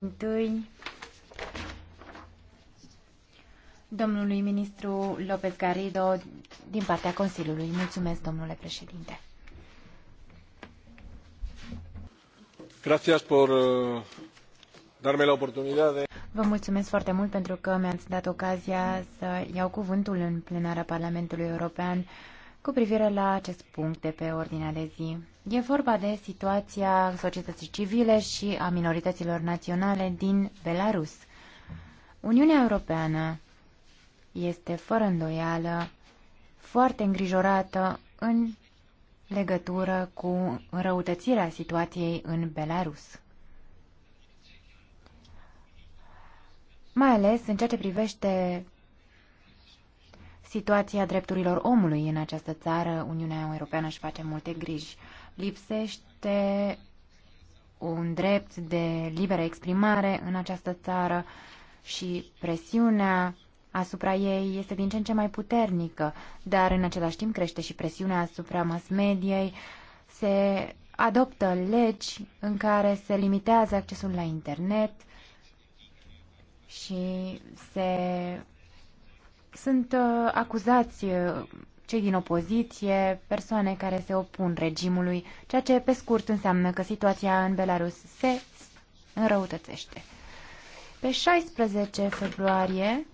Întâi, domnului ministru López Garrido din partea Consiliului. Mulțumesc, domnule președinte. Gracias por uh, darme la oportunidad de... Vă mulțumesc foarte mult pentru că mi-ați dat ocazia să iau cuvântul în plenara Parlamentului European cu privire la acest punct de pe ordinea de zi. E vorba de situația societății civile și a minorităților naționale din Belarus. Uniunea Europeană este fără îndoială foarte îngrijorată în legătură cu răutățirea situației în Belarus. Mai ales în ceea ce privește situația drepturilor omului în această țară, Uniunea Europeană își face multe griji. Lipsește un drept de liberă exprimare în această țară și presiunea asupra ei este din ce în ce mai puternică, dar în același timp crește și presiunea asupra mass mediei. Se adoptă legi în care se limitează accesul la internet și se sunt uh, acuzați uh, cei din opoziție, persoane care se opun regimului, ceea ce pe scurt înseamnă că situația în Belarus se înrăutățește. Pe 16 februarie,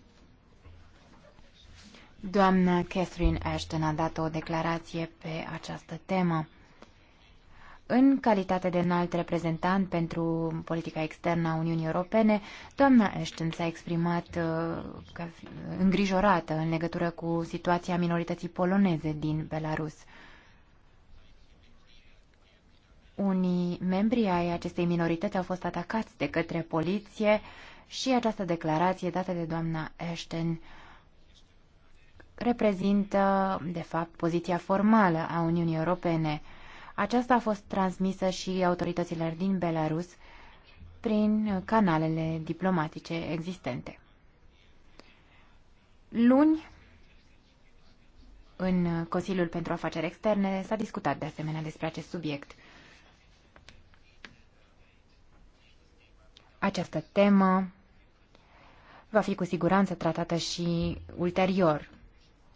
doamna Catherine Ashton a dat o declarație pe această temă. În calitate de înalt reprezentant pentru politica externă a Uniunii Europene, doamna Ashton s-a exprimat uh, îngrijorată în legătură cu situația minorității poloneze din Belarus. Unii membri ai acestei minorități au fost atacați de către poliție și această declarație dată de doamna Ashton reprezintă, de fapt, poziția formală a Uniunii Europene – aceasta a fost transmisă și autorităților din Belarus prin canalele diplomatice existente. Luni, în Consiliul pentru Afaceri Externe, s-a discutat de asemenea despre acest subiect. Această temă va fi cu siguranță tratată și ulterior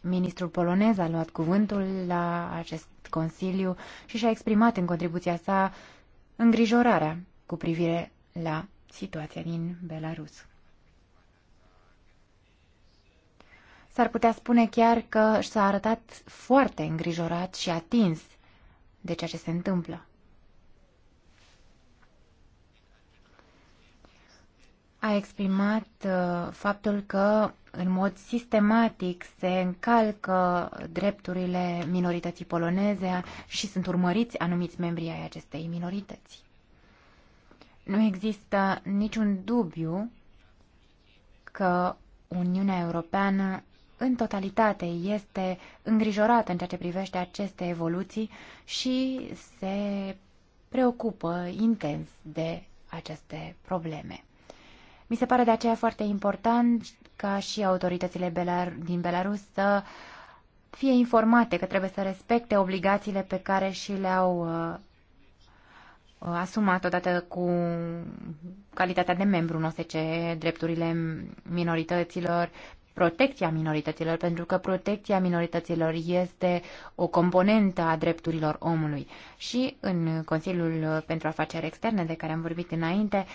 Ministrul polonez a luat cuvântul la acest consiliu și și-a exprimat în contribuția sa îngrijorarea cu privire la situația din Belarus. S-ar putea spune chiar că s-a arătat foarte îngrijorat și atins de ceea ce se întâmplă. A exprimat uh, faptul că în mod sistematic se încalcă drepturile minorității poloneze și sunt urmăriți anumiți membri ai acestei minorități. Nu există niciun dubiu că Uniunea Europeană în totalitate este îngrijorată în ceea ce privește aceste evoluții și se preocupă intens de aceste probleme. Mi se pare de aceea foarte important ca și autoritățile Belar- din Belarus să fie informate că trebuie să respecte obligațiile pe care și le-au uh, uh asumat odată cu calitatea de membru în OSCE, drepturile minorităților, protecția minorităților, pentru că protecția minorităților este o componentă a drepturilor omului. Și în Consiliul pentru Afaceri Externe, de care am vorbit înainte,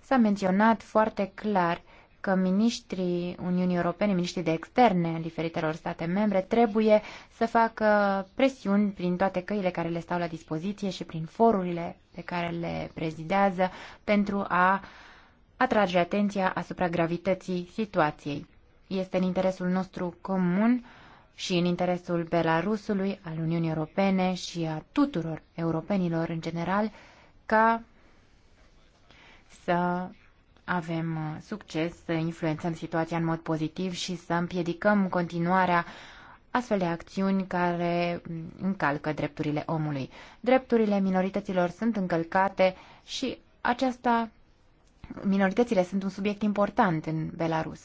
s-a menționat foarte clar uh, că miniștrii Uniunii Europene, miniștrii de externe în diferitelor state membre, trebuie să facă presiuni prin toate căile care le stau la dispoziție și prin forurile pe care le prezidează pentru a atrage atenția asupra gravității situației. Este în interesul nostru comun și în interesul Belarusului, al Uniunii Europene și a tuturor europenilor în general, ca să avem uh, succes să influențăm situația în mod pozitiv și să împiedicăm continuarea astfel de acțiuni care mm, încalcă drepturile omului. Drepturile minorităților sunt încălcate și aceasta, minoritățile sunt un subiect important în Belarus.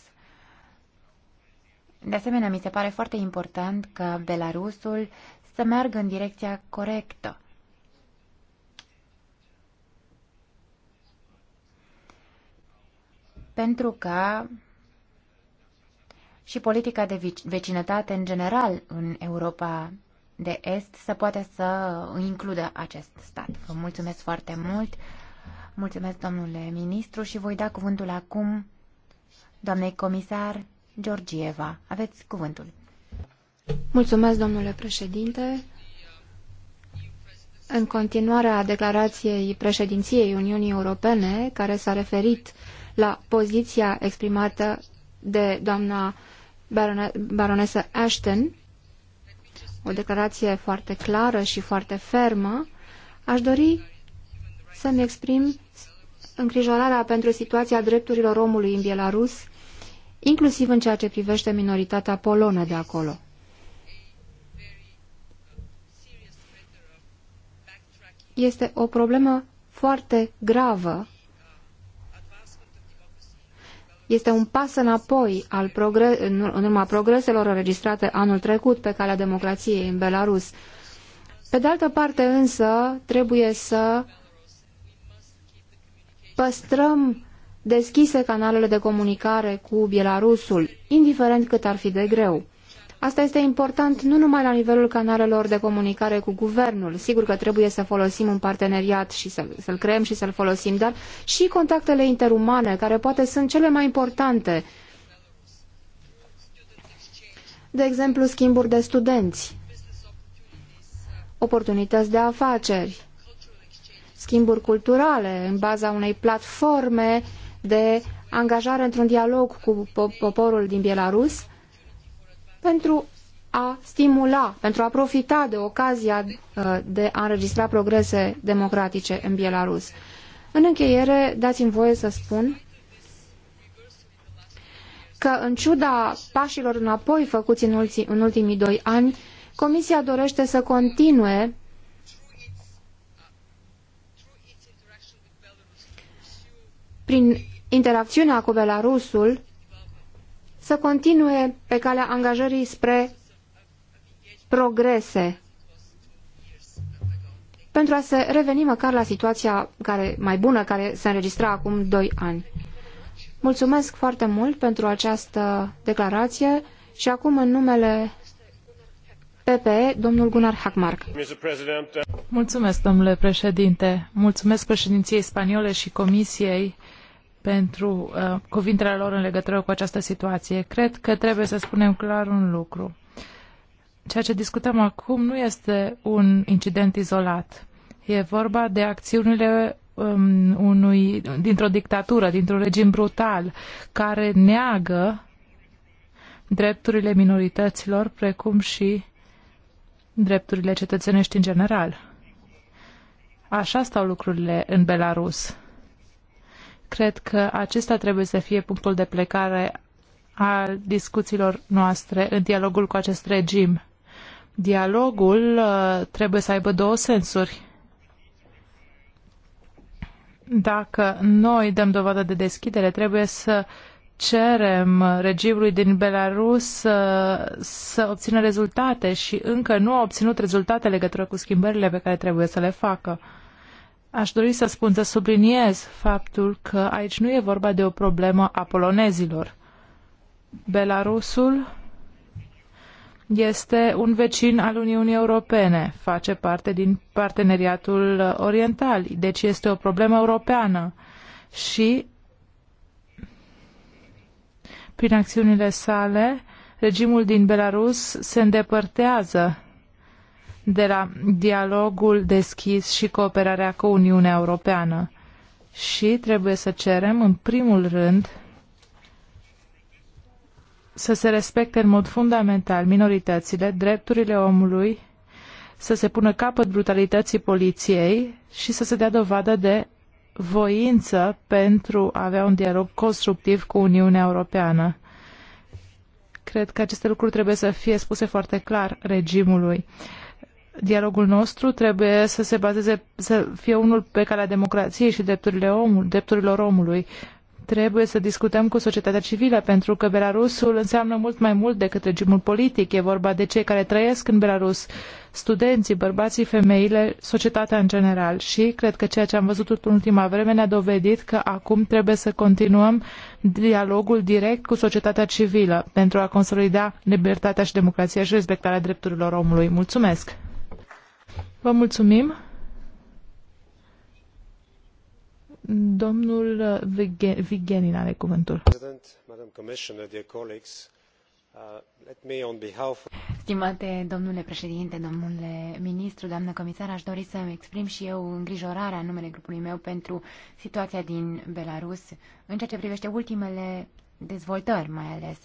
De asemenea, mi se pare foarte important ca Belarusul să meargă în direcția corectă pentru că și politica de vecinătate în general în Europa de Est să poate să includă acest stat. Vă mulțumesc foarte mult. Mulțumesc, domnule ministru, și voi da cuvântul acum doamnei comisar Georgieva. Aveți cuvântul. Mulțumesc, domnule președinte. În continuare a declarației președinției Uniunii Europene, care s-a referit uh, la poziția exprimată de doamna barone baronesă Ashton, o declarație foarte clară și foarte fermă, aș dori să-mi exprim îngrijorarea pentru situația drepturilor omului în Belarus, inclusiv în ceea ce privește minoritatea polonă de acolo. Este o problemă foarte gravă este un pas înapoi al progre- în urma progreselor înregistrate anul trecut pe calea democrației în Belarus. Pe de altă parte însă, trebuie să păstrăm deschise canalele de comunicare cu Belarusul, indiferent cât ar fi de greu. Asta este important nu numai la nivelul canalelor de comunicare cu guvernul. Sigur că trebuie să folosim un parteneriat și să, să-l creăm și să-l folosim, dar și contactele interumane, care poate sunt cele mai importante. De exemplu, schimburi de studenți, oportunități de afaceri, schimburi culturale în baza unei platforme de angajare într-un dialog cu poporul din Belarus, pentru a stimula, pentru a profita de ocazia uh, de a înregistra progrese democratice în Belarus. În încheiere, dați-mi voie să spun că, în ciuda pașilor înapoi făcuți în, ulti, în ultimii doi ani, Comisia dorește să continue prin interacțiunea cu Belarusul să continue pe calea angajării spre progrese pentru a se reveni măcar la situația care, mai bună care se înregistra acum doi ani. Mulțumesc foarte mult pentru această declarație și acum în numele PPE, domnul Gunnar Hackmark. Uh, Mulțumesc, domnule președinte. Mulțumesc președinției spaniole și comisiei pentru uh, cuvintele lor în legătură cu această situație. Cred că trebuie să spunem clar un lucru. Ceea ce discutăm acum nu este un incident izolat. E vorba de acțiunile um, unui, dintr-o dictatură, dintr-un regim brutal, care neagă drepturile minorităților, precum și drepturile cetățenești în general. Așa stau lucrurile în Belarus. Cred că acesta trebuie să fie punctul de plecare al discuțiilor noastre în dialogul cu acest regim. Dialogul uh, trebuie să aibă două sensuri. Dacă noi dăm dovadă de deschidere, trebuie să cerem regimului din Belarus să, uh, să obțină rezultate și încă nu a obținut rezultate legătură cu schimbările pe care trebuie să le facă. Aș dori să spun, să subliniez faptul că aici nu e vorba de o problemă a polonezilor. Belarusul este un vecin al Uniunii Europene, face parte din parteneriatul oriental, deci este o problemă europeană și prin acțiunile sale, regimul din Belarus se îndepărtează de la dialogul deschis și cooperarea cu Uniunea Europeană. Și trebuie să cerem, în primul rând, să se respecte în mod fundamental minoritățile, drepturile omului, să se pună capăt brutalității poliției și să se dea dovadă de voință pentru a avea un dialog constructiv cu Uniunea Europeană. Cred că aceste lucruri trebuie să fie spuse foarte clar regimului. Uh, dialogul nostru trebuie să se bazeze, să fie unul pe calea democrației și drepturile omul, drepturilor omului. Trebuie să discutăm cu societatea civilă, pentru că Belarusul înseamnă mult mai mult decât regimul politic. E vorba de cei care trăiesc în Belarus, studenții, bărbații, femeile, societatea în general. Și cred că ceea ce am văzut în ultima vreme ne-a dovedit că acum trebuie să continuăm dialogul direct cu societatea civilă pentru a consolida libertatea și democrația și respectarea drepturilor omului. Mulțumesc! Vă mulțumim. Domnul uh, Vigenin are cuvântul. Uh, Stimate domnule președinte, domnule ministru, doamnă comisar, aș dori să îmi exprim și eu îngrijorarea în numele grupului meu pentru situația din Belarus în ceea ce privește ultimele dezvoltări, mai ales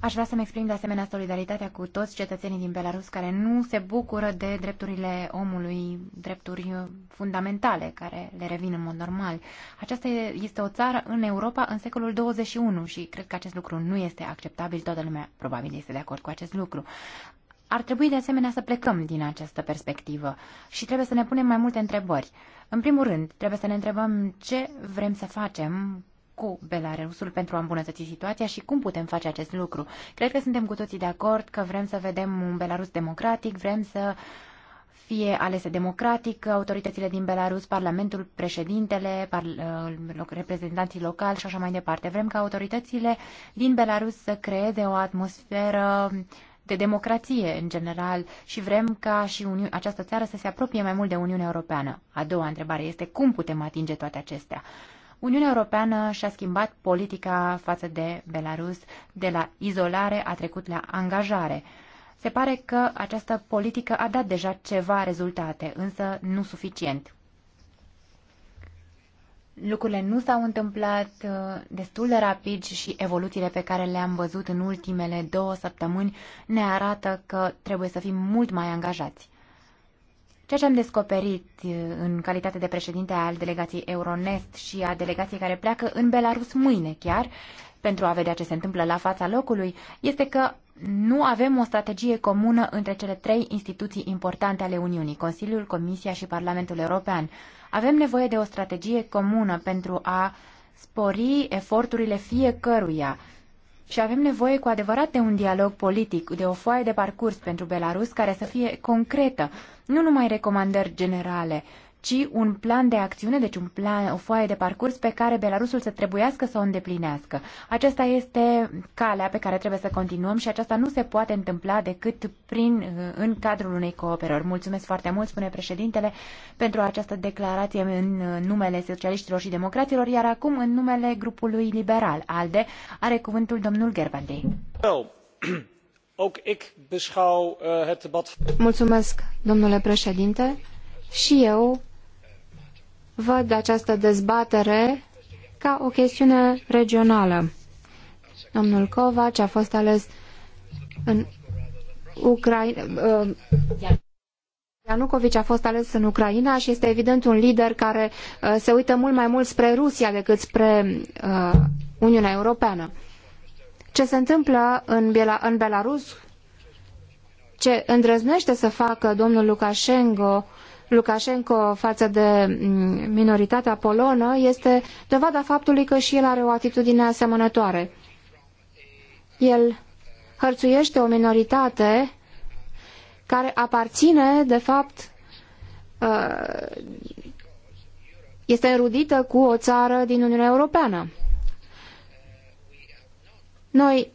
Aș vrea să-mi exprim de asemenea solidaritatea cu toți cetățenii din Belarus care nu se bucură de drepturile omului, drepturi fundamentale care le revin în mod normal. Aceasta este o țară în Europa în secolul 21 și cred că acest lucru nu este acceptabil. Toată lumea probabil este de acord cu acest lucru. Ar trebui de asemenea să plecăm din această perspectivă și trebuie să ne punem mai multe întrebări. În primul rând, trebuie să ne întrebăm ce vrem să facem cu Belarusul pentru a îmbunătăți situația și cum putem face acest lucru. Cred că suntem cu toții de acord că vrem să vedem un Belarus democratic, vrem să fie alese democratic, autoritățile din Belarus, Parlamentul, președintele, par, uh, reprezentanții locali și așa mai departe. Vrem ca autoritățile din Belarus să creeze o atmosferă de democrație în general și vrem ca și Uni- această țară să se apropie mai mult de Uniunea Europeană. A doua întrebare este cum putem atinge toate acestea. Uniunea Europeană și-a schimbat politica față de Belarus, de la izolare a trecut la angajare. Se pare că această politică a dat deja ceva rezultate, însă nu suficient. Lucrurile nu s-au întâmplat uh, destul de rapid și evoluțiile pe care le-am văzut în ultimele două săptămâni ne arată că trebuie să fim mult mai angajați. Ceea ce am descoperit uh, în calitate de președinte al delegației Euronest și a delegației care pleacă în Belarus mâine chiar, pentru a vedea ce se întâmplă la fața locului, este că nu avem o strategie comună între cele trei instituții importante ale Uniunii, Consiliul, Comisia și Parlamentul European. Avem nevoie de o strategie comună pentru a spori eforturile fiecăruia și avem nevoie cu adevărat de un dialog politic, de o foaie de parcurs pentru Belarus care să fie concretă, nu numai recomandări generale, ci un plan de acțiune, deci un plan, o foaie de parcurs pe care Belarusul să trebuiască să o îndeplinească. Aceasta este calea pe care trebuie să continuăm și aceasta nu se poate întâmpla decât prin, uh, în cadrul unei cooperări. Mulțumesc foarte mult, spune președintele, pentru această declarație în uh, numele socialiștilor și democraților, iar acum în numele grupului liberal, ALDE, are cuvântul domnul Gerbandei. Oh. Ook ik beschouw eh, het debat... domnule președinte. Și eu văd această dezbatere ca o chestiune regională. Domnul Kovac a fost ales în Ucraina... Eh, Ianucovici a fost ales în Ucraina și este evident un lider care eh, se uită mult mai mult spre Rusia decât spre Uniunea Europeană ce se întâmplă în, Biela, în Belarus, ce îndrăznește să facă domnul Lukashenko, Lukashenko față de mm, minoritatea polonă este dovada faptului că și el are o atitudine asemănătoare. El hărțuiește o minoritate care aparține, de fapt, uh, este înrudită cu o țară din Uniunea Europeană. Noi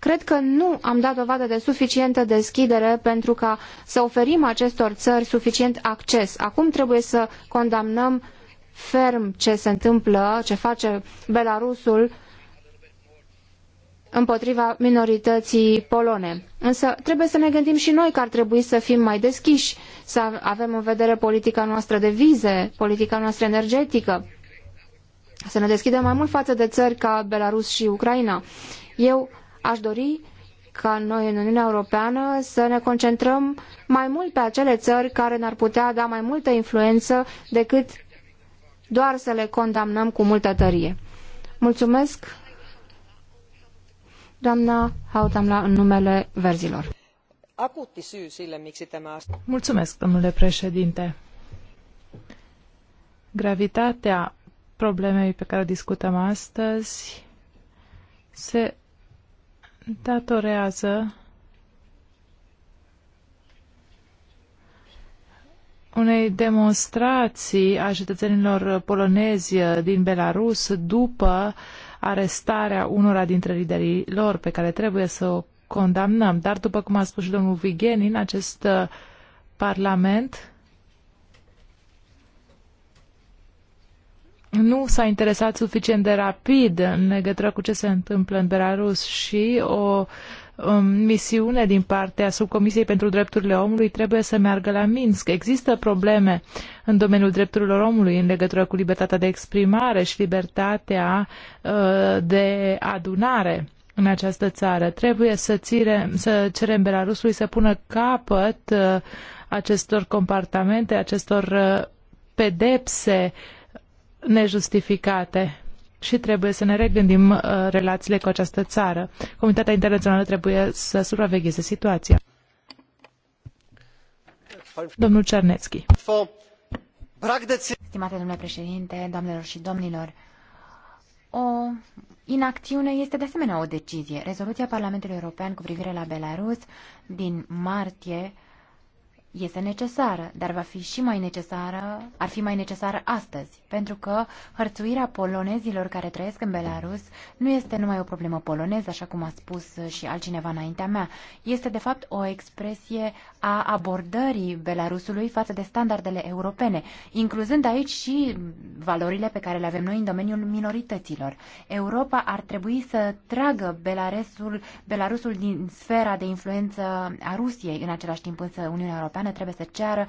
cred că nu am dat dovadă de suficientă deschidere pentru ca să oferim acestor țări suficient acces. Acum trebuie să condamnăm ferm ce se întâmplă, ce face Belarusul împotriva minorității polone. Însă trebuie să ne gândim și noi că ar trebui să fim mai deschiși, să avem în vedere politica noastră de vize, politica noastră energetică să ne deschidem mai mult față de țări ca Belarus și Ucraina. Eu aș dori ca noi în Uniunea Europeană să ne concentrăm mai mult pe acele țări care ne-ar putea da mai multă influență decât doar să le condamnăm cu multă tărie. Mulțumesc, doamna Hautamla, în numele verzilor. Mulțumesc, domnule președinte. Gravitatea problemei pe care o discutăm astăzi se datorează unei demonstrații a cetățenilor polonezi din Belarus după arestarea unora dintre liderii lor pe care trebuie să o condamnăm. Dar, după cum a spus și domnul Vigenin, acest uh, parlament nu s-a interesat suficient de rapid în legătură cu ce se întâmplă în Belarus și o um, misiune din partea Subcomisiei pentru Drepturile Omului trebuie să meargă la Minsk. Există probleme în domeniul drepturilor omului în legătură cu libertatea de exprimare și libertatea uh, de adunare în această țară. Trebuie să, țire, să cerem Belarusului să pună capăt uh, acestor compartamente, acestor uh, pedepse nejustificate și trebuie să ne regândim uh, relațiile cu această țară. Comunitatea internațională trebuie să supravegheze situația. Domnul Cernețchi. Stimate domnule președinte, doamnelor și domnilor, o inacțiune este de asemenea o decizie. Rezoluția Parlamentului European cu privire la Belarus din martie este necesară, dar va fi și mai necesară, ar fi mai necesară astăzi, pentru că hărțuirea polonezilor care trăiesc în Belarus nu este numai o problemă poloneză, așa cum a spus și altcineva înaintea mea, este de fapt o expresie a abordării Belarusului față de standardele europene, incluzând aici și valorile pe care le avem noi în domeniul minorităților. Europa ar trebui să tragă Belarusul, Belarusul din sfera de influență a Rusiei, în același timp însă Uniunea Europeană Europeană trebuie să ceară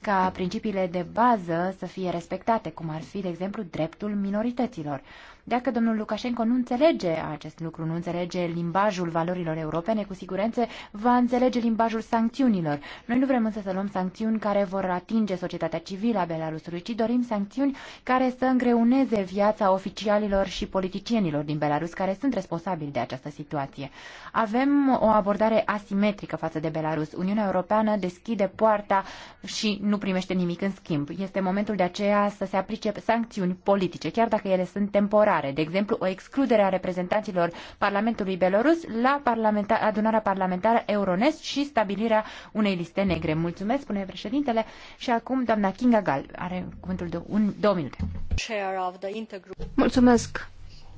ca principiile de bază să fie respectate, cum ar fi, de exemplu, dreptul minorităților. Dacă domnul Lukashenko nu înțelege acest lucru, nu înțelege limbajul valorilor europene, cu siguranță va înțelege limbajul sancțiunilor. Noi nu vrem însă să luăm sancțiuni care vor atinge societatea civilă a Belarusului, ci dorim sancțiuni care să îngreuneze viața oficialilor și politicienilor din Belarus care sunt responsabili de această situație. Avem o abordare asimetrică față de Belarus. Uniunea Europeană deschide poarta și nu primește nimic în schimb. Este momentul de aceea să se aplice sancțiuni politice, chiar dacă ele sunt temporare colaborare, de exemplu o excludere a reprezentanților Parlamentului Belarus la parlamenta adunarea parlamentară Euronest și stabilirea unei liste negre. Mulțumesc, spune președintele, și acum doamna Kinga Gal are cuvântul de un, două minute. Mulțumesc.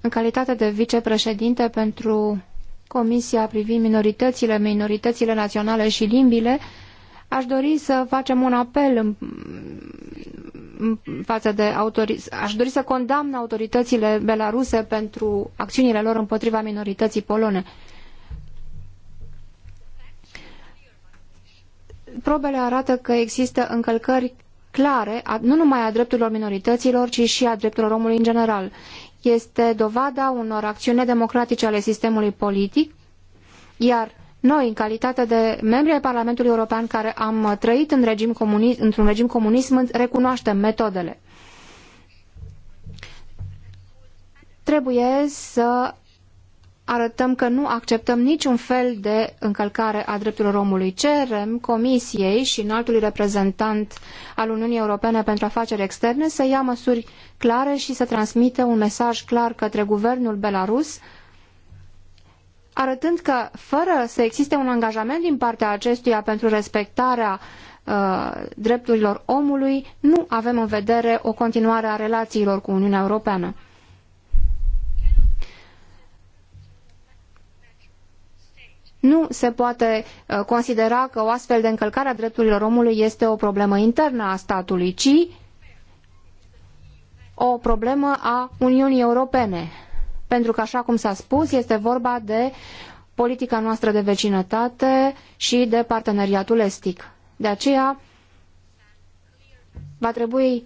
În calitate de vicepreședinte pentru Comisia privind minoritățile, minoritățile naționale și limbile, Aș dori să facem un apel în, în față de autorități. Aș dori să condamn autoritățile belaruse pentru acțiunile lor împotriva minorității polone. Probele arată că există încălcări clare, nu numai a drepturilor minorităților, ci și a drepturilor omului în general. Este dovada unor acțiuni democratice ale sistemului politic, iar noi, în calitate de membri ai Parlamentului European care am trăit în regim într-un regim comunism, recunoaștem metodele. Trebuie să arătăm că nu acceptăm niciun fel de încălcare a drepturilor omului. Cerem Comisiei și înaltului reprezentant al Uniunii Europene pentru afaceri externe să ia măsuri clare și să transmită un mesaj clar către guvernul Belarus arătând că fără să existe un angajament din partea acestuia pentru respectarea uh, drepturilor omului, nu avem în vedere o continuare a relațiilor cu Uniunea Europeană. Nu se poate uh, considera că o astfel de încălcare a drepturilor omului este o problemă internă a statului, ci o problemă a Uniunii Europene, pentru că, așa cum s-a spus, este vorba de politica noastră de vecinătate și de parteneriatul estic. De aceea, va trebui,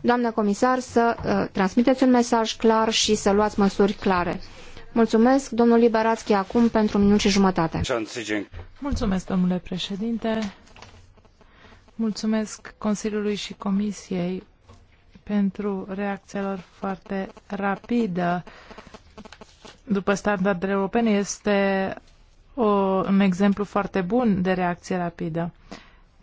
doamnă comisar, să uh, transmiteți un mesaj clar și să luați măsuri clare. Mulțumesc, domnul Liberațchi, acum pentru un minut și jumătate. Mulțumesc, domnule președinte. Mulțumesc Consiliului și Comisiei pentru reacția lor foarte rapidă. După standardele europene, este o, un exemplu foarte bun de reacție rapidă.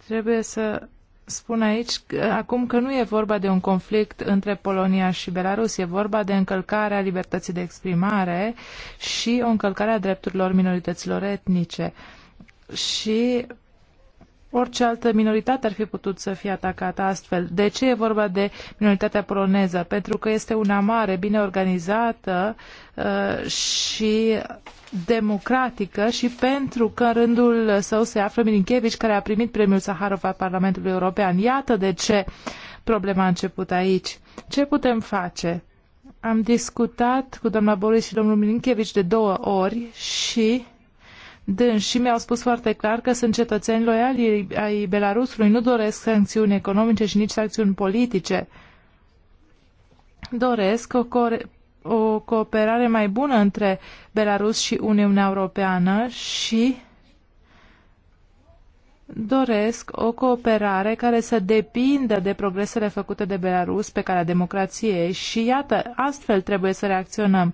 Trebuie să spun aici acum că nu e vorba de un conflict între Polonia și Belarus, e vorba de încălcarea libertății de exprimare și o încălcare a drepturilor minorităților etnice. Și Orice altă minoritate ar fi putut să fie atacată astfel. De ce e vorba de minoritatea poloneză? Pentru că este una mare, bine organizată uh, și democratică și pentru că în rândul său se află Milinkevici, care a primit premiul Saharov al Parlamentului European. Iată de ce problema a început aici. Ce putem face? Am discutat cu doamna Boris și domnul Milinkevici de două ori și Dânsii mi-au spus foarte clar că sunt cetățeni loiali ai Belarusului, nu doresc sancțiuni economice și nici sancțiuni politice. Doresc o, o cooperare mai bună între Belarus și Uniunea Europeană și doresc o cooperare care să depindă de progresele făcute de Belarus pe calea democrației și iată, astfel trebuie să reacționăm.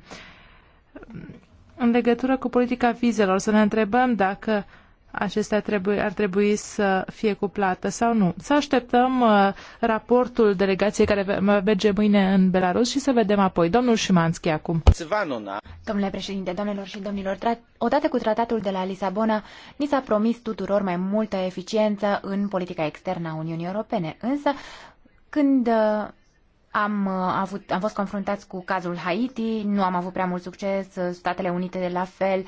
În legătură cu politica vizelor, să ne întrebăm dacă acestea trebuie, ar trebui să fie cuplată sau nu. Să așteptăm uh, raportul delegației care merge mâine în Belarus și să vedem apoi. Domnul Șimanski acum. Domnule președinte, domnilor și domnilor, odată cu tratatul de la Lisabona, ni s-a promis tuturor mai multă eficiență în politica externă a Uniunii Europene. Însă, când uh, am, uh, avut, am fost confruntați cu cazul Haiti, nu am avut prea mult succes, uh, Statele Unite de la fel,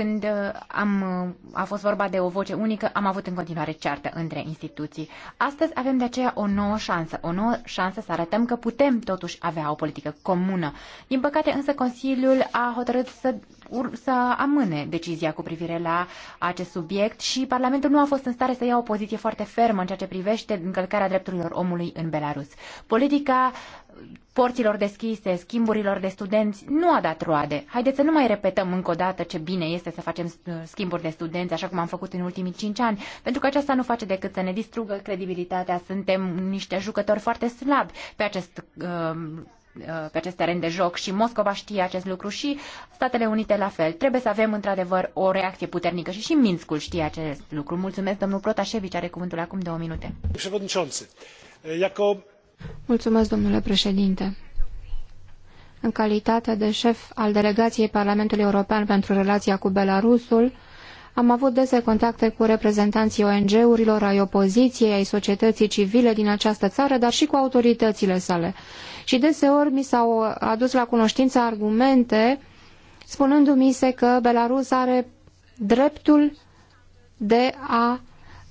când uh, am, uh, a fost vorba de o voce unică, am avut în continuare ceartă între instituții. Astăzi avem de aceea o nouă șansă, o nouă șansă să arătăm că putem totuși avea o politică comună. Din păcate însă Consiliul a hotărât să, să amâne decizia cu privire la acest subiect și Parlamentul nu a fost în stare să ia o poziție foarte fermă în ceea ce privește încălcarea drepturilor omului în Belarus. Politica porților deschise, schimburilor de studenți, nu a dat roade. Haideți să nu mai repetăm încă o dată ce bine este să facem schimburi de studenți, așa cum am făcut în ultimii cinci ani, pentru că aceasta nu face decât să ne distrugă credibilitatea. Suntem niște jucători foarte slabi pe acest um, uh, pe acest teren de joc și Moscova știe acest lucru și Statele Unite la fel. Trebuie să avem într-adevăr o reacție puternică și și Minskul știe acest lucru. Mulțumesc, domnul Protașevici are cuvântul acum două minute. Președinte, uh, Mulțumesc, domnule președinte. În calitate de șef al delegației Parlamentului European pentru relația cu Belarusul, am avut dese contacte cu reprezentanții ONG-urilor, ai opoziției, ai societății civile din această țară, dar și cu autoritățile sale. Și deseori mi s-au adus la cunoștință argumente spunându-mi se că Belarus are dreptul de a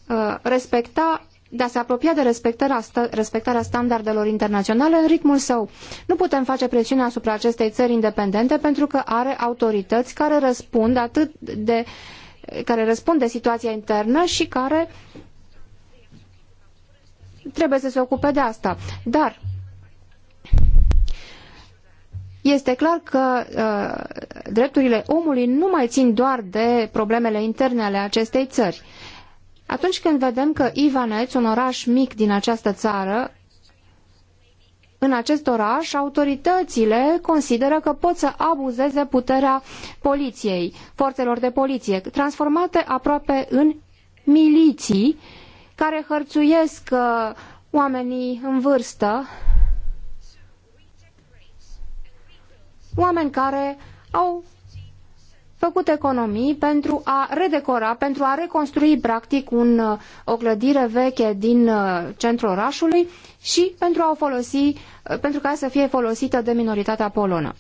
uh, respecta de a se apropia de respectarea, respectarea standardelor internaționale în ritmul său. Nu putem face presiune asupra acestei țări independente pentru că are autorități care răspund atât de care răspund de situația internă și care trebuie să se ocupe de asta. Dar este clar că uh, drepturile omului nu mai țin doar de problemele interne ale acestei țări. Uh, atunci când vedem că Ivaneț, un oraș mic din această țară, în acest oraș, autoritățile consideră că pot să abuzeze puterea poliției, forțelor de poliție, transformate aproape în miliții care hărțuiesc uh, oamenii în vârstă, oameni care au făcut economii pentru a redecora, pentru a reconstrui practic un, uh, o clădire veche din uh, centrul orașului și pentru a o folosi, uh, pentru ca să fie folosită de minoritatea polonă.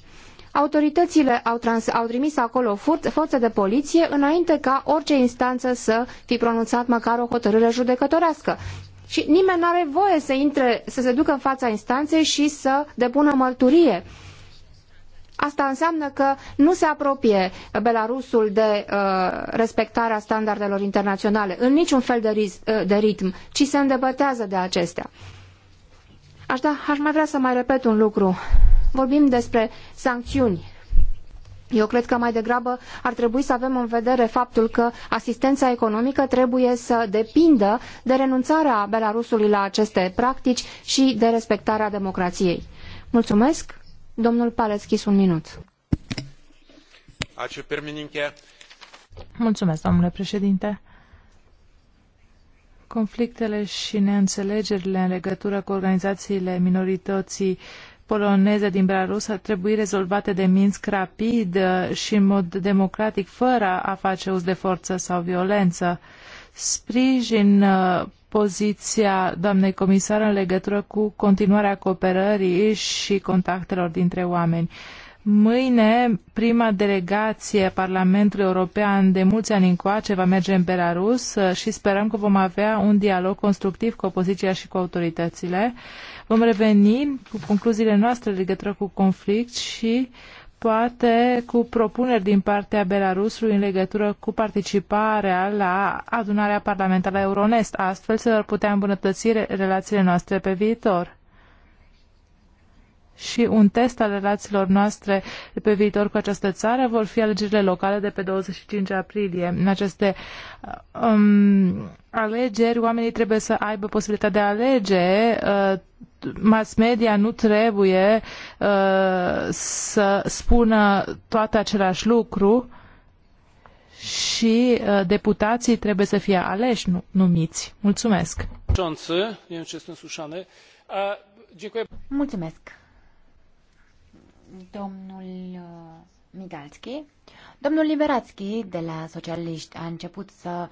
Autoritățile au, trans, au trimis acolo forțe de poliție înainte ca orice instanță să fi pronunțat măcar o hotărâre judecătorească. Și nimeni nu are voie să intre, să se ducă în fața instanței și să depună mărturie. Uh, Asta înseamnă că nu se apropie Belarusul de uh, respectarea standardelor internaționale în niciun fel de, riz, uh, de ritm, ci se îndepărtează de acestea. Aș, da, aș mai vrea să mai repet un lucru. Vorbim despre sancțiuni. Eu cred că mai degrabă ar trebui să avem în vedere faptul că asistența economică trebuie să depindă de renunțarea Belarusului la aceste practici și de respectarea democrației. Mulțumesc! Domnul Paleschis, un minut. Mulțumesc, domnule președinte. Conflictele și neînțelegerile în legătură cu organizațiile minorității poloneze din Belarus ar trebui rezolvate de Minsk rapid și în mod democratic, fără a face uz de forță sau violență. Sprijin uh, poziția doamnei comisar în legătură cu continuarea cooperării și contactelor dintre oameni. Mâine, prima delegație a Parlamentului European de mulți ani încoace va merge în Belarus uh, și sperăm că vom avea un dialog constructiv cu opoziția și cu autoritățile. Vom reveni cu concluziile noastre legătură cu conflict și poate cu propuneri din partea Belarusului în legătură cu participarea la adunarea parlamentară Euronest. Astfel se vor putea îmbunătăți relațiile noastre pe viitor și un test al relațiilor noastre pe viitor cu această țară vor fi alegerile locale de pe 25 aprilie. În aceste uh, um, alegeri, oamenii trebuie să aibă posibilitatea de a alege. Uh, mass media nu trebuie uh, să spună toate același lucru și uh, deputații trebuie să fie aleși, nu, numiți. Mulțumesc! Uh, Mulțumesc! domnul uh, Migalski. Domnul Liberațchi de la Socialiști a început să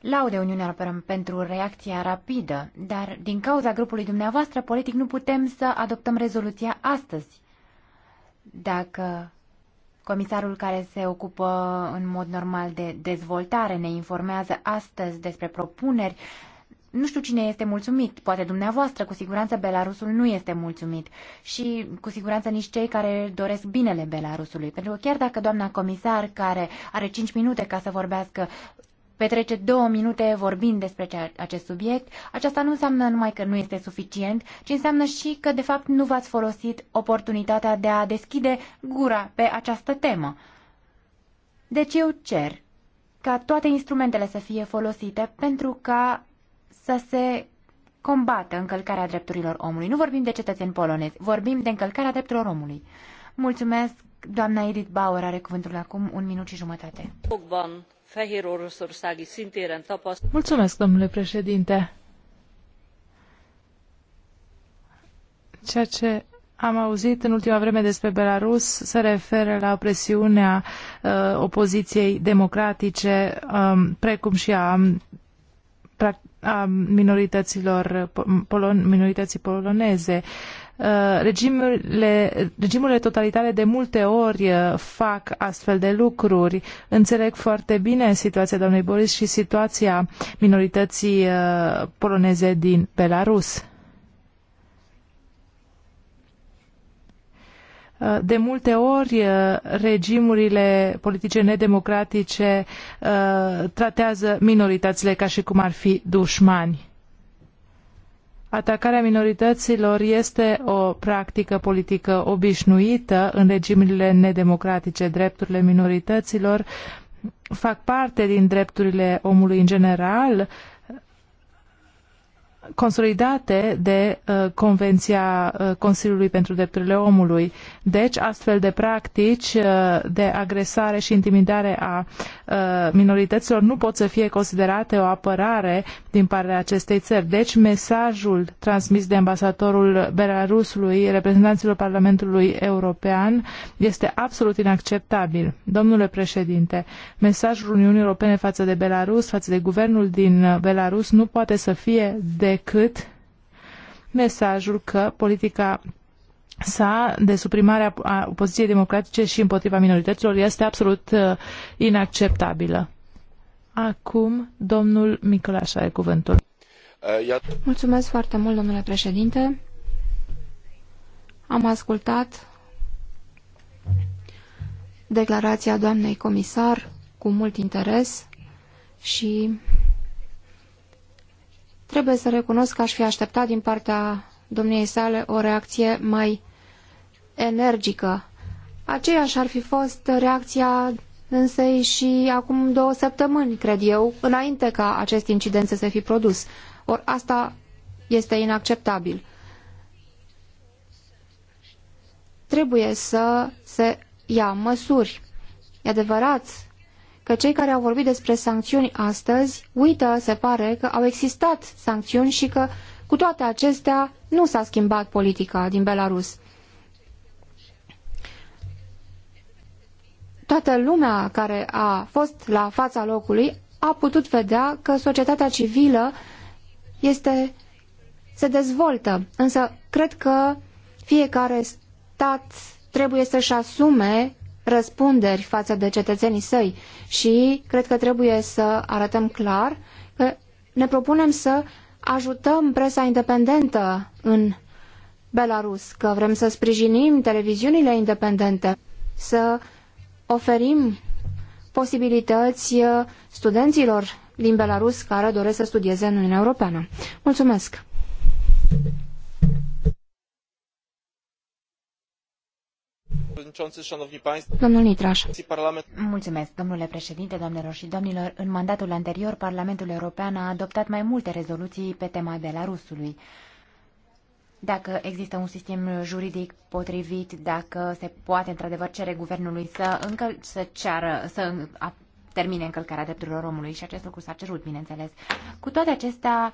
laude Uniunea Europeană pentru reacția rapidă, dar din cauza grupului dumneavoastră politic nu putem să adoptăm rezoluția astăzi. Dacă comisarul care se ocupă în mod normal de dezvoltare ne informează astăzi despre propuneri, nu știu cine este mulțumit, poate dumneavoastră, cu siguranță Belarusul nu este mulțumit și cu siguranță nici cei care doresc binele Belarusului. Pentru că chiar dacă doamna comisar, care are 5 minute ca să vorbească, petrece două minute vorbind despre acest subiect, aceasta nu înseamnă numai că nu este suficient, ci înseamnă și că, de fapt, nu v-ați folosit oportunitatea de a deschide gura pe această temă. Deci eu cer ca toate instrumentele să fie folosite pentru ca să se combată încălcarea drepturilor omului. Nu vorbim de cetățeni polonezi, vorbim de încălcarea drepturilor omului. Mulțumesc, doamna Edith Bauer are cuvântul acum un minut și jumătate. Mulțumesc, domnule președinte. Ceea ce am auzit în ultima vreme despre Belarus se referă la presiunea uh, opoziției democratice, um, precum și a a minorităților, polon, minorității poloneze. Uh, regimurile, regimurile totalitare de multe ori uh, fac astfel de lucruri. Înțeleg foarte bine situația doamnei Boris și situația minorității uh, poloneze din Belarus. De multe ori, uh, regimurile politice nedemocratice uh, tratează minoritățile ca și cum ar fi dușmani. Atacarea minorităților este o practică politică obișnuită în regimurile nedemocratice. Drepturile minorităților fac parte din drepturile omului în general consolidate de uh, Convenția uh, Consiliului pentru Drepturile Omului. Deci, astfel de practici uh, de agresare și intimidare a uh, minorităților nu pot să fie considerate o apărare din partea acestei țări. Deci, mesajul transmis de ambasadorul Belarusului, reprezentanților Parlamentului European, este absolut inacceptabil. Domnule președinte, mesajul Uniunii Europene față de Belarus, față de guvernul din Belarus, nu poate să fie de decât mesajul că politica sa de suprimare a opoziției democratice și împotriva minorităților este absolut uh, inacceptabilă. Acum, domnul Micălaș are cuvântul. Uh, Mulțumesc foarte mult, domnule președinte. Am ascultat declarația doamnei comisar cu mult interes și Trebuie să recunosc că aș fi așteptat din partea domniei sale o reacție mai energică. Aceeași ar fi fost reacția însei și acum două săptămâni, cred eu, înainte ca acest incident să se fi produs. Or asta este inacceptabil. Trebuie să se ia măsuri. E adevărat că cei care au vorbit despre sancțiuni astăzi uită, se pare, că au existat sancțiuni și că, cu toate acestea, nu s-a schimbat politica din Belarus. Toată lumea care a fost la fața locului a putut vedea că societatea civilă este, se dezvoltă, însă cred că fiecare stat trebuie să-și asume răspunderi față de cetățenii săi și cred că trebuie să arătăm clar că ne propunem să ajutăm presa independentă în Belarus, că vrem să sprijinim televiziunile independente, să oferim posibilități studenților din Belarus care doresc să studieze în Uniunea Europeană. Mulțumesc! Domnul Nitraș. Mulțumesc, domnule președinte, doamnelor și domnilor. În mandatul anterior, Parlamentul European a adoptat mai multe rezoluții pe tema Belarusului. Dacă există un sistem juridic potrivit, dacă se poate într-adevăr cere guvernului să încă să ceară, să termine încălcarea drepturilor omului și acest lucru s-a cerut, bineînțeles. Cu toate acestea,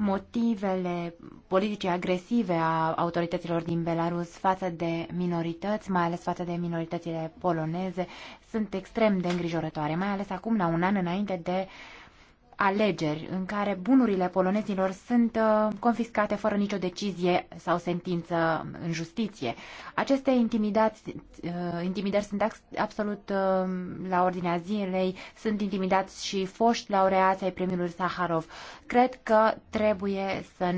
motivele politicii agresive a autorităților din Belarus față de minorități, mai ales față de minoritățile poloneze, sunt extrem de îngrijorătoare, mai ales acum la un an înainte de uh, alegeri în care bunurile polonezilor sunt uh, confiscate fără nicio decizie sau sentință în justiție. Aceste uh, intimidări sunt absolut uh, la ordinea zilei, sunt intimidați și foști laureați ai premiului Saharov. Cred că trebuie să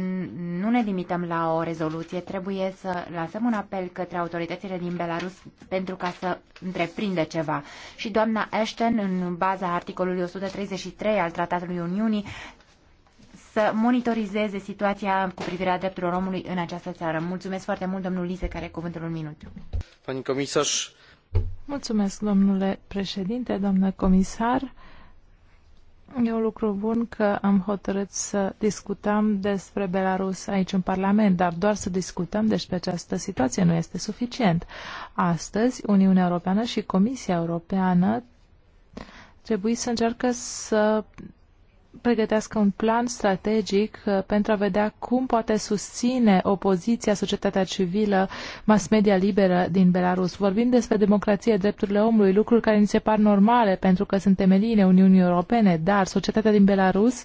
nu ne limităm la o rezoluție, trebuie să lansăm un apel către autoritățile din Belarus pentru ca să întreprindă ceva. Și doamna Ashton, în baza articolului 133 al tratatului Consiliului Uniunii să monitorizeze situația cu privire la drepturile omului în această țară. Mulțumesc foarte mult, domnul Lise, care cuvântul un minut. Pani comisar. Mulțumesc, domnule președinte, domnule comisar. E un lucru bun că am hotărât să discutăm despre Belarus aici în Parlament, dar doar să discutăm despre această situație nu este suficient. Astăzi, Uniunea Europeană și Comisia Europeană trebuie să încearcă să pregătească un plan strategic uh, pentru a vedea cum poate susține opoziția, societatea civilă, mass media liberă din Belarus. Vorbim despre democrație, drepturile omului, lucruri care ni se par normale pentru că sunt temeliile Uniunii Europene, dar societatea din Belarus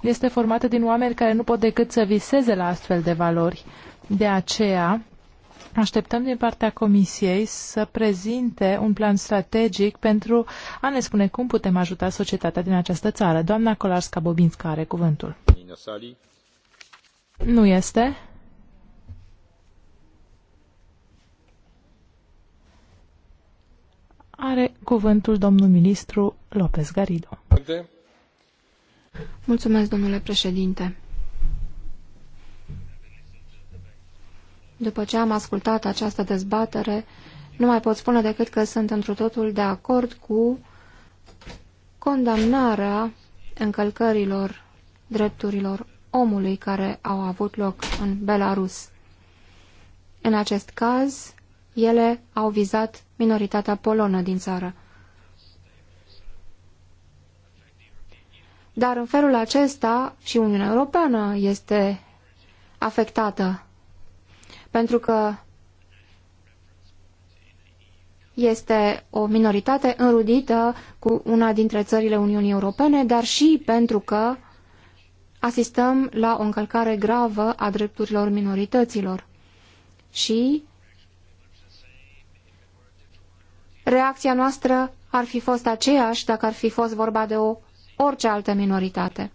este formată din oameni care nu pot decât să viseze la astfel de valori. De aceea, Așteptăm din partea Comisiei să prezinte un plan strategic pentru a ne spune cum putem ajuta societatea din această țară. Doamna Kolarska-Bobinska are cuvântul. Nu este. Are cuvântul domnul ministru López Garido. Mulțumesc, domnule președinte. După ce am ascultat această dezbatere, nu mai pot spune decât că sunt într totul de acord cu condamnarea încălcărilor drepturilor omului care au avut loc în Belarus. În acest caz, ele au vizat minoritatea polonă din țară. Dar în felul acesta și Uniunea Europeană este afectată pentru că este o minoritate înrudită cu una dintre țările Uniunii Europene, dar și pentru că asistăm la o încălcare gravă a drepturilor minorităților. Și reacția noastră ar fi fost aceeași dacă ar fi fost vorba de o orice altă minoritate.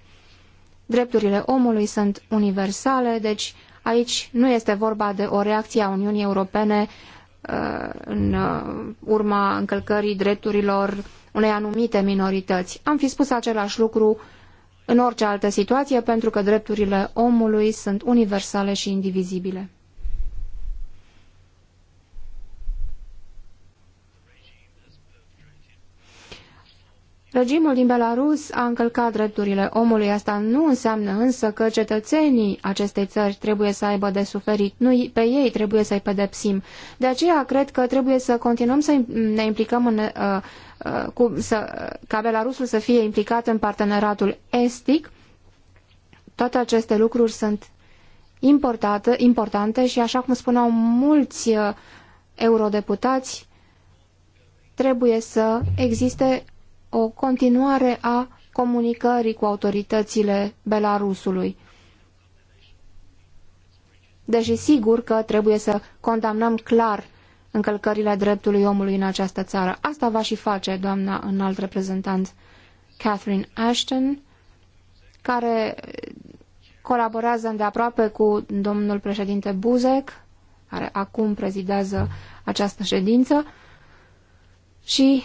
Drepturile omului sunt universale, deci Aici nu este vorba de o reacție a Uniunii Europene uh, în uh, urma încălcării drepturilor unei anumite minorități. Am fi spus același lucru în orice altă situație, pentru că drepturile omului sunt universale și indivizibile. Regimul din Belarus a încălcat drepturile omului, asta nu înseamnă însă că cetățenii acestei țări trebuie să aibă de suferit, nu pe ei trebuie să-i pedepsim. De aceea cred că trebuie să continuăm să ne implicăm în, uh, uh, cu, să, ca Belarusul să fie implicat în parteneratul estic. Toate aceste lucruri sunt importate, importante și așa cum spuneau mulți uh, eurodeputați, trebuie să existe o continuare a comunicării cu autoritățile Belarusului. Deși sigur că trebuie să condamnăm clar încălcările dreptului omului în această țară. Asta va și face doamna înalt reprezentant Catherine Ashton, care colaborează îndeaproape cu domnul președinte Buzek, care acum prezidează această ședință, și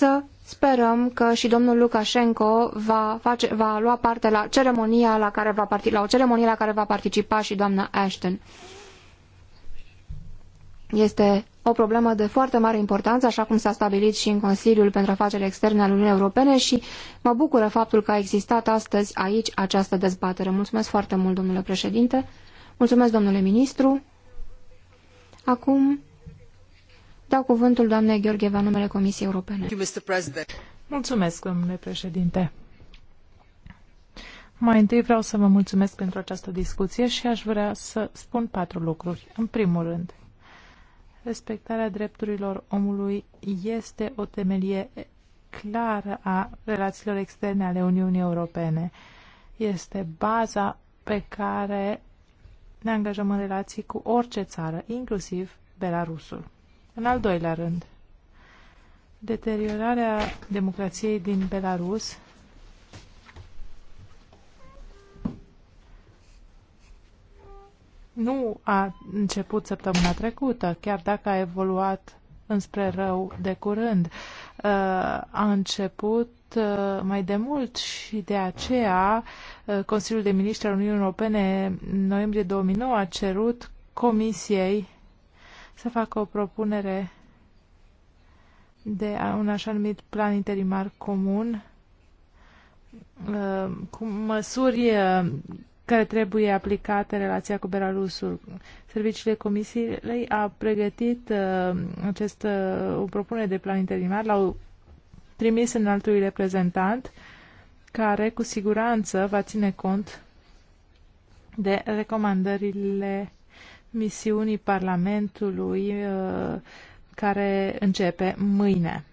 Să sperăm că și domnul Lukashenko va, face, va lua parte la ceremonia la care va participa, la o ceremonie la care va participa și doamna Ashton. Este o problemă de foarte mare importanță, așa cum s-a stabilit și în Consiliul pentru Afaceri Externe al Uniunii Europene și mă bucură faptul că a existat astăzi aici această dezbatere. Mulțumesc foarte mult, domnule președinte. Mulțumesc, domnule ministru. Acum Dau cuvântul doamnei Gheorgheva, numele Comisiei Europene. Mulțumesc, domnule președinte. Mai întâi vreau să vă mulțumesc pentru această discuție și aș vrea să spun patru lucruri. În primul rând, respectarea drepturilor omului este o temelie clară a relațiilor externe ale Uniunii Europene. Este baza pe care ne angajăm în relații cu orice țară, inclusiv Belarusul. În al doilea rând, deteriorarea democrației din Belarus nu a început săptămâna trecută, chiar dacă a evoluat înspre rău de curând. Uh, a început uh, mai de mult și de aceea uh, Consiliul de Ministri al Uniunii Europene în noiembrie 2009 a cerut Comisiei să facă o propunere de un așa numit plan interimar comun uh, cu măsuri uh, care trebuie aplicate în relația cu Belarusul. Serviciile Comisiei a pregătit uh, acest, o propunere de plan interimar, l-au trimis în altui reprezentant, care cu siguranță va ține cont de recomandările misiunii Parlamentului uh, care începe mâine.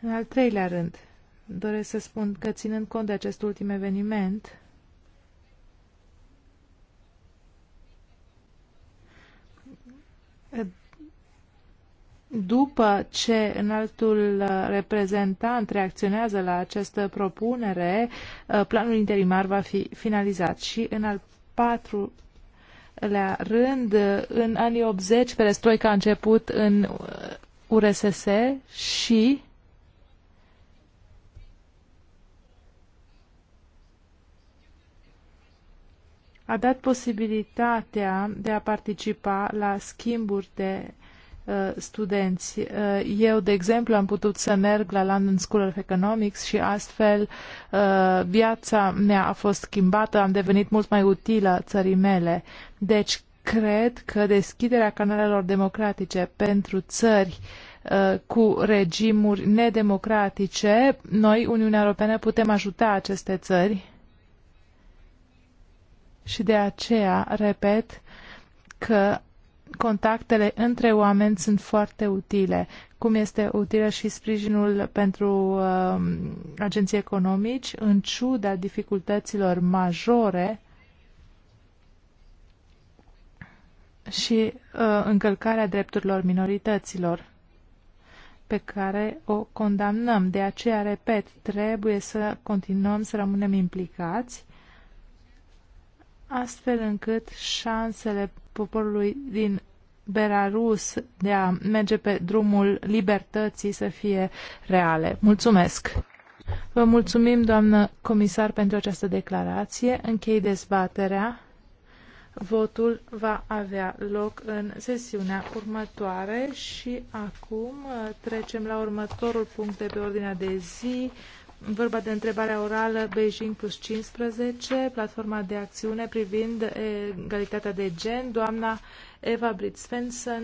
În al treilea rând, doresc să spun că ținând cont de acest ultim eveniment, după ce înaltul reprezentant reacționează la această propunere, uh, planul interimar va fi finalizat și în al patru la rând. În anii 80, perestroica a început în URSS și a dat posibilitatea de a participa la schimburi de Uh, studenți. Uh, eu, de exemplu, am putut să merg la London School of Economics și astfel uh, viața mea a fost schimbată, am devenit mult mai utilă țării mele. Deci, cred că deschiderea canalelor democratice pentru țări cu regimuri nedemocratice, noi, Uniunea Europeană, putem ajuta aceste țări. Și de aceea, repet, că contactele între oameni sunt foarte utile, cum este utilă și sprijinul pentru uh, agenții economici, în ciuda dificultăților majore și uh, încălcarea drepturilor minorităților pe care o condamnăm. De aceea, repet, trebuie să continuăm să rămânem implicați astfel încât șansele poporului din Belarus de a merge pe drumul libertății să fie reale. Mulțumesc! Vă mulțumim, doamnă comisar, pentru această declarație. Închei dezbaterea. Votul va avea loc în sesiunea următoare și acum uh, trecem la următorul punct de pe ordinea de zi vorba de întrebarea orală Beijing plus 15, platforma de acțiune privind eh, egalitatea de gen. Doamna Eva Brit Svensson